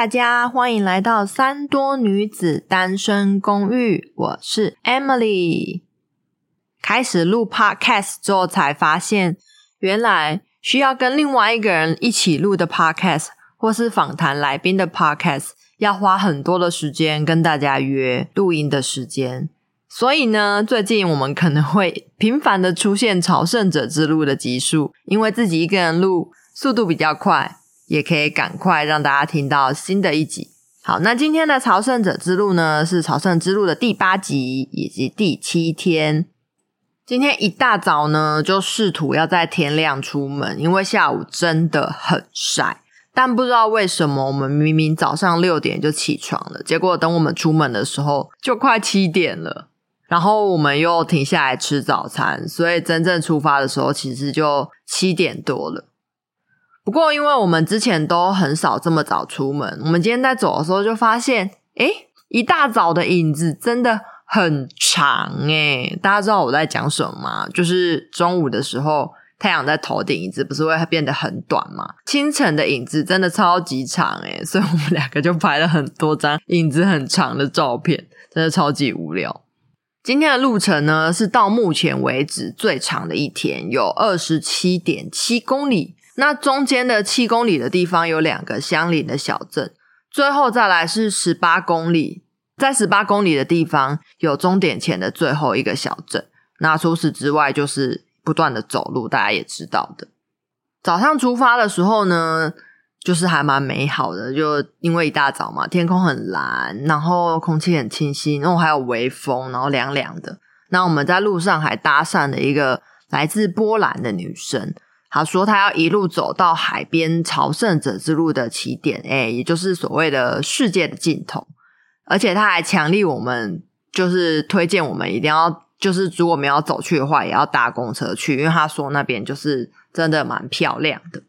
大家歡迎來到三多女子單身公寓，我是 Emily。開始錄 podcast 之後，才發現原來需要跟另外一個人一起錄的 podcast，或是訪談來賓的 podcast，要花很多的時間跟大家約錄音的時間。所以呢，最近我們可能會頻繁的出現《朝聖者之路》的集數，因為自己一個人錄速度比較快。也可以趕快讓大家聽到新的一集。好，那今天的朝聖者之路呢，是朝聖之路的第八集以及第七天。今天一大早呢，就試圖要在天亮出門，因為下午真的很曬。但不知道為什麼，我們明明早上六點就起床了，結果等我們出門的時候，就快七點了。然後我們又停下來吃早餐，所以真正出發的時候，其實就七點多了。不過，因為我們之前都很少這麼早出門，我們今天在走的時候就發現，誒，一大早的影子真的很長誒、欸、大家知道我在講什麼嗎？就是中午的時候太陽在頭頂，一直不是會變得很短嗎？清晨的影子真的超級長誒、欸、所以我們兩個就拍了很多張影子很長的照片，真的超級無聊。今天的路程呢，是到目前為止最長的一天，有二十七點七公里。那中間的七公里的地方有兩個相鄰的小鎮，最後再來是十八公里，在十八公里的地方有終點前的最後一個小鎮。那除此之外，就是不斷的走路，大家也知道的。早上出發的時候呢，就是還蠻美好的，就因為一大早嘛，天空很藍，然後空氣很清新，然後還有微風，然後涼涼的。那我們在路上還搭訕了一個來自波蘭的女生。他說他要一路走到海邊朝聖者之路的起點，哎、欸，也就是所謂的世界的盡頭。而且他還強力我們，就是推薦我們一定要，就是如果我們要走去的話，也要搭公車去，因為他說那邊就是真的蠻漂亮的。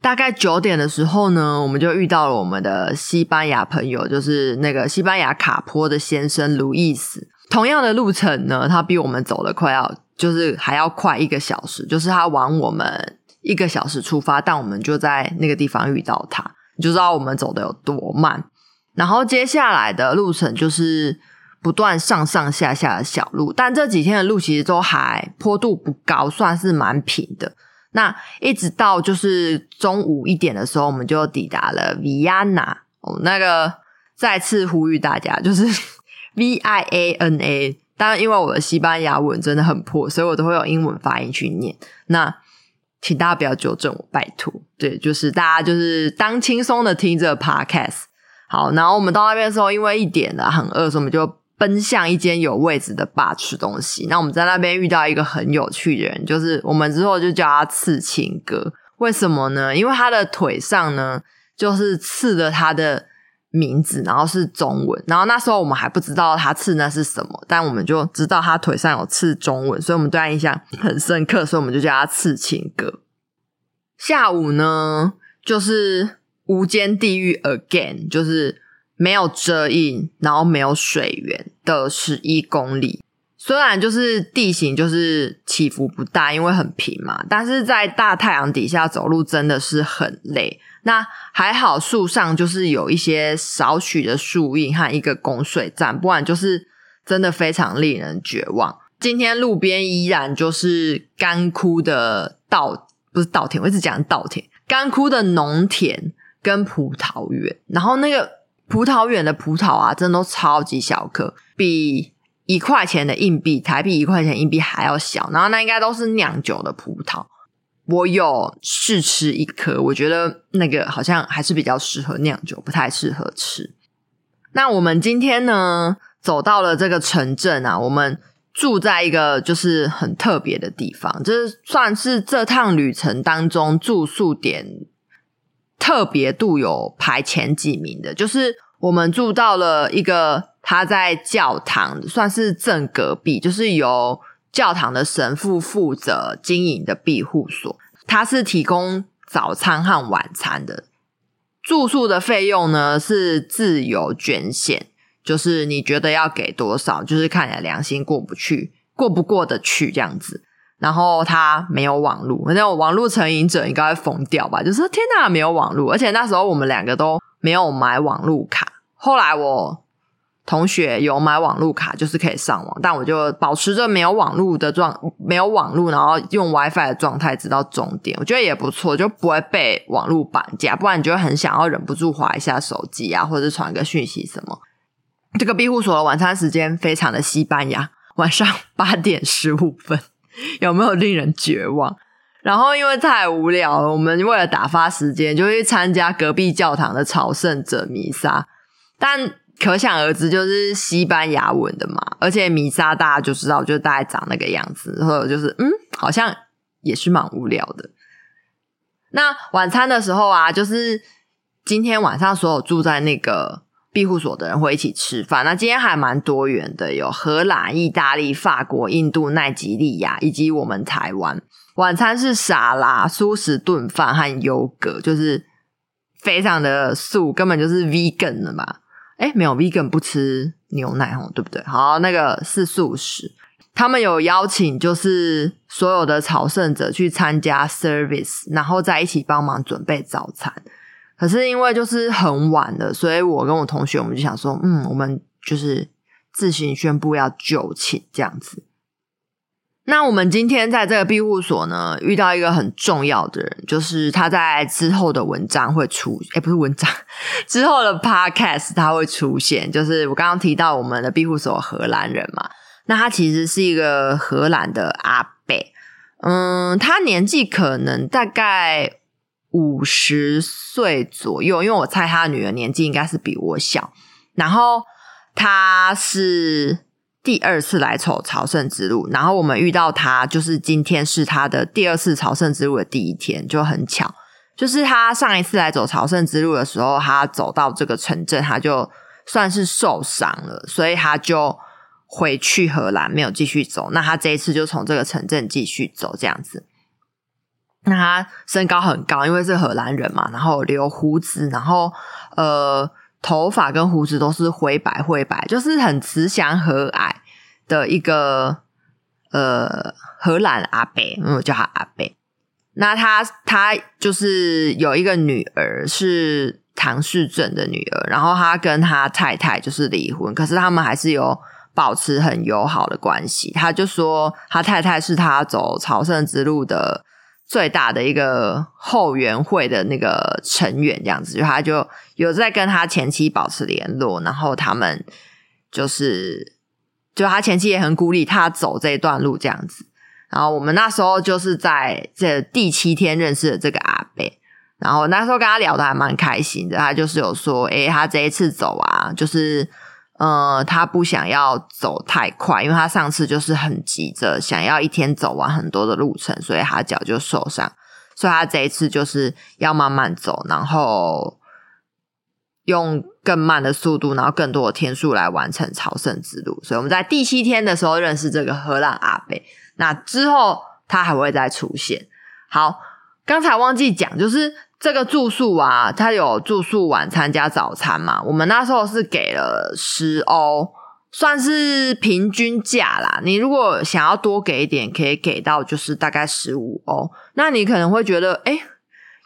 大概九點的時候呢，我們就遇到了我們的西班牙朋友，就是那個西班牙卡坡的先生路易斯。同樣的路程呢，他比我們走得快要，就是還要快一個小時，就是他往我們。一個小時出發，但我們就在那個地方遇到他，你就知道我們走的有多慢。然後接下來的路程就是不斷上上下下的小路，但這幾天的路其實都還坡度不高，算是蠻平的。那一直到就是中午一點的時候，我們就抵達了 Viana。Oh，那個再次呼籲大家，就是 V I A N A。當然，A，因為我的西班牙文真的很破，所以我都會用英文發音去念。那請大家不要糾正我，拜托。對，就是大家就是當輕鬆的聽着 podcast。好，然後我們到那邊的時候，因為一點了，很餓，所以我們就奔向一間有位置的 bar 吃東西。那我們在那邊遇到一個很有趣的人，就是我們之後就叫他刺青哥。為什麼呢？因為他的腿上呢，就是刺了他的名字，然後是中文，然後那時候我們還不知道他刺那是什麼，但我們就知道他腿上有刺中文，所以我們對他印象很深刻，所以我們就叫他刺青哥。下午呢，就是無間地獄 again，就是沒有遮蔭，然後沒有水源的十一公里。雖然就是地形就是起伏不大，因為很平嘛，但是在大太陽底下走路真的是很累。那還好，樹上就是有一些少許的樹蔭和一個供水站，不然就是真的非常令人絕望。今天路邊依然就是乾枯的稻，不是稻田，我一直講稻田，乾枯的農田跟葡萄園。然後那個葡萄園的葡萄啊，真的都超級小顆，比一塊錢的硬幣，台幣一塊錢的硬幣還要小。然後那應該都是釀酒的葡萄。我有試吃一顆，我覺得那個好像還是比較適合釀酒，不太適合吃。那我們今天呢，走到了這個城鎮啊，我們住在一個就是很特別的地方，就是算是這趟旅程當中住宿點特別度有排前幾名的，就是我們住到了一個他在教堂，算是正隔壁，就是有。教堂的神父負責經營的庇護所，他是提供早餐和晚餐的。住宿的費用呢，是自由捐獻，就是你覺得要給多少，就是看你的良心過不去，過不過得去這樣子。然後他沒有網路，那種網路成癮者應該會瘋掉吧？就是天哪，沒有網路，而且那時候我們兩個都沒有買網路卡。後來我。同學有買網路卡，就是可以上網，但我就保持着沒有網路的狀，沒有網路，然後用 WiFi 的狀態直到終點，我覺得也不錯，就不會被網路綁架，不然你就很想要忍不住滑一下手機啊，或者是傳個訊息什麼。這個庇護所的晚餐時間非常的西班牙，晚上八點十五分，有沒有令人絕望？然後因為太無聊了，我們為了打發時間，就去參加隔壁教堂的朝聖者彌撒，但。可想而知，就是西班牙文的嘛。而且彌撒大家就知道，就大概長那個樣子，然後就是嗯，好像也是蠻無聊的。那晚餐的時候啊，就是今天晚上所有住在那個庇護所的人會一起吃飯。那今天還蠻多元的，有荷蘭、意大利、法國、印度、奈及利亞以及我們台灣。晚餐是沙拉、素食燉飯和優格，就是非常的素，根本就是 vegan 的嘛。哎，沒有，Vegan 不吃牛奶哦，對不對？好，那個是素食。他們有邀請，就是所有的朝聖者去參加 service，然後在一起幫忙準備早餐。可是因為就是很晚了，所以我跟我同學我們就想說，嗯，我們就是自行宣布要就寢這樣子。那我們今天在這個庇護所呢，遇到一個很重要的人，就是他在之後的文章會出，誒，不是文章，之後的 podcast 他會出現。就是我剛剛提到我們的庇護所荷蘭人嘛，那他其實是一個荷蘭的阿伯，嗯，他年紀可能大概五十歲左右，因為我猜他女兒年紀應該是比我小，然後他是，第二次來走朝聖之路，然後我們遇到他，就是今天是他的第二次朝聖之路的第一天，就很巧，就是他上一次來走朝聖之路的時候，他走到這個城鎮，他就算是受傷了，所以他就回去荷蘭，沒有繼續走。那他這一次就從這個城鎮繼續走，這樣子。那他身高很高，因為是荷蘭人嘛，然後留鬍子，然後呃，頭髮跟鬍子都是灰白灰白，就是很慈祥和藹。的一個呃，荷蘭阿伯，嗯，我叫他阿伯。那他他就是有一個女兒是唐氏症的女兒，然後他跟他太太就是離婚，可是他們還是有保持很友好的關係。他就說他太太是他走朝聖之路的最大的一個後援會的那個成員，這樣子，就他就有在跟他前妻保持聯絡，然後他們就是。就他前期也很鼓勵他走這一段路這樣子，然後我們那時候就是在這第七天認識了這個阿伯，然後那時候跟他聊的還蠻開心的，他就是有說，哎、欸，他這一次走啊，就是呃、嗯，他不想要走太快，因為他上次就是很急着想要一天走完很多的路程，所以他腳就受傷，所以他這一次就是要慢慢走，然後用。更慢的速度，然後更多的天數來完成朝聖之路。所以我們在第七天的時候認識這個荷蘭阿伯。那之後他還會再出現。好，剛才忘記講，就是這個住宿啊，他有住宿晚餐加早餐嘛？我們那時候是給了十歐，算是平均價啦。你如果想要多給一點，可以給到就是大概十五歐。那你可能會覺得誒、欸、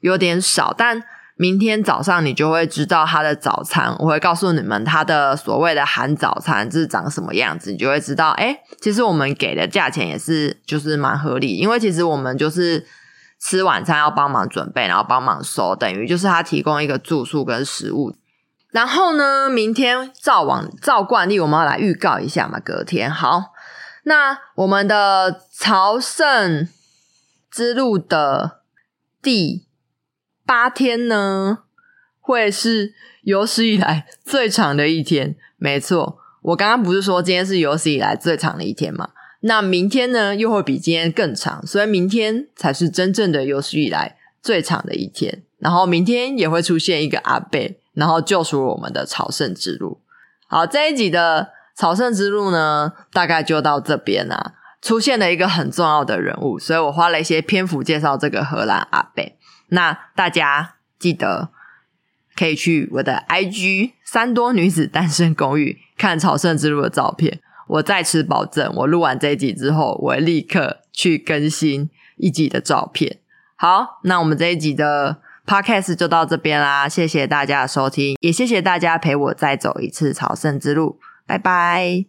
有點少，但。明天早上你就會知道他的早餐，我會告訴你們他的所謂的含早餐這是長什麼樣子，你就會知道。哎、欸，其實我們給的價錢也是就是蠻合理，因為其實我們就是吃晚餐要幫忙準備，然後幫忙收，等於就是他提供一個住宿跟食物。然後呢，明天照往照慣例，我們要來預告一下嘛，隔天好。那我們的朝聖之路的第。八天呢，會是有史以來最長的一天，沒錯。我剛剛不是說今天是有史以來最長的一天嘛？那明天呢，又會比今天更長，所以明天才是真正的有史以來最長的一天。然後明天也會出現一個阿貝，然後救贖我們的朝聖之路。好，這一集的朝聖之路呢，大概就到這邊啦。出現了一個很重要的人物，所以我花了一些篇幅介紹這個荷蘭阿貝。那大家記得可以去我的 IG 三多女子單身公寓看朝聖之路的照片。我再次保證，我錄完這一集之後，我會立刻去更新一集的照片。好，那我們這一集的 Podcast 就到這邊啦，謝謝大家的收聽，也謝謝大家陪我再走一次朝聖之路，拜拜。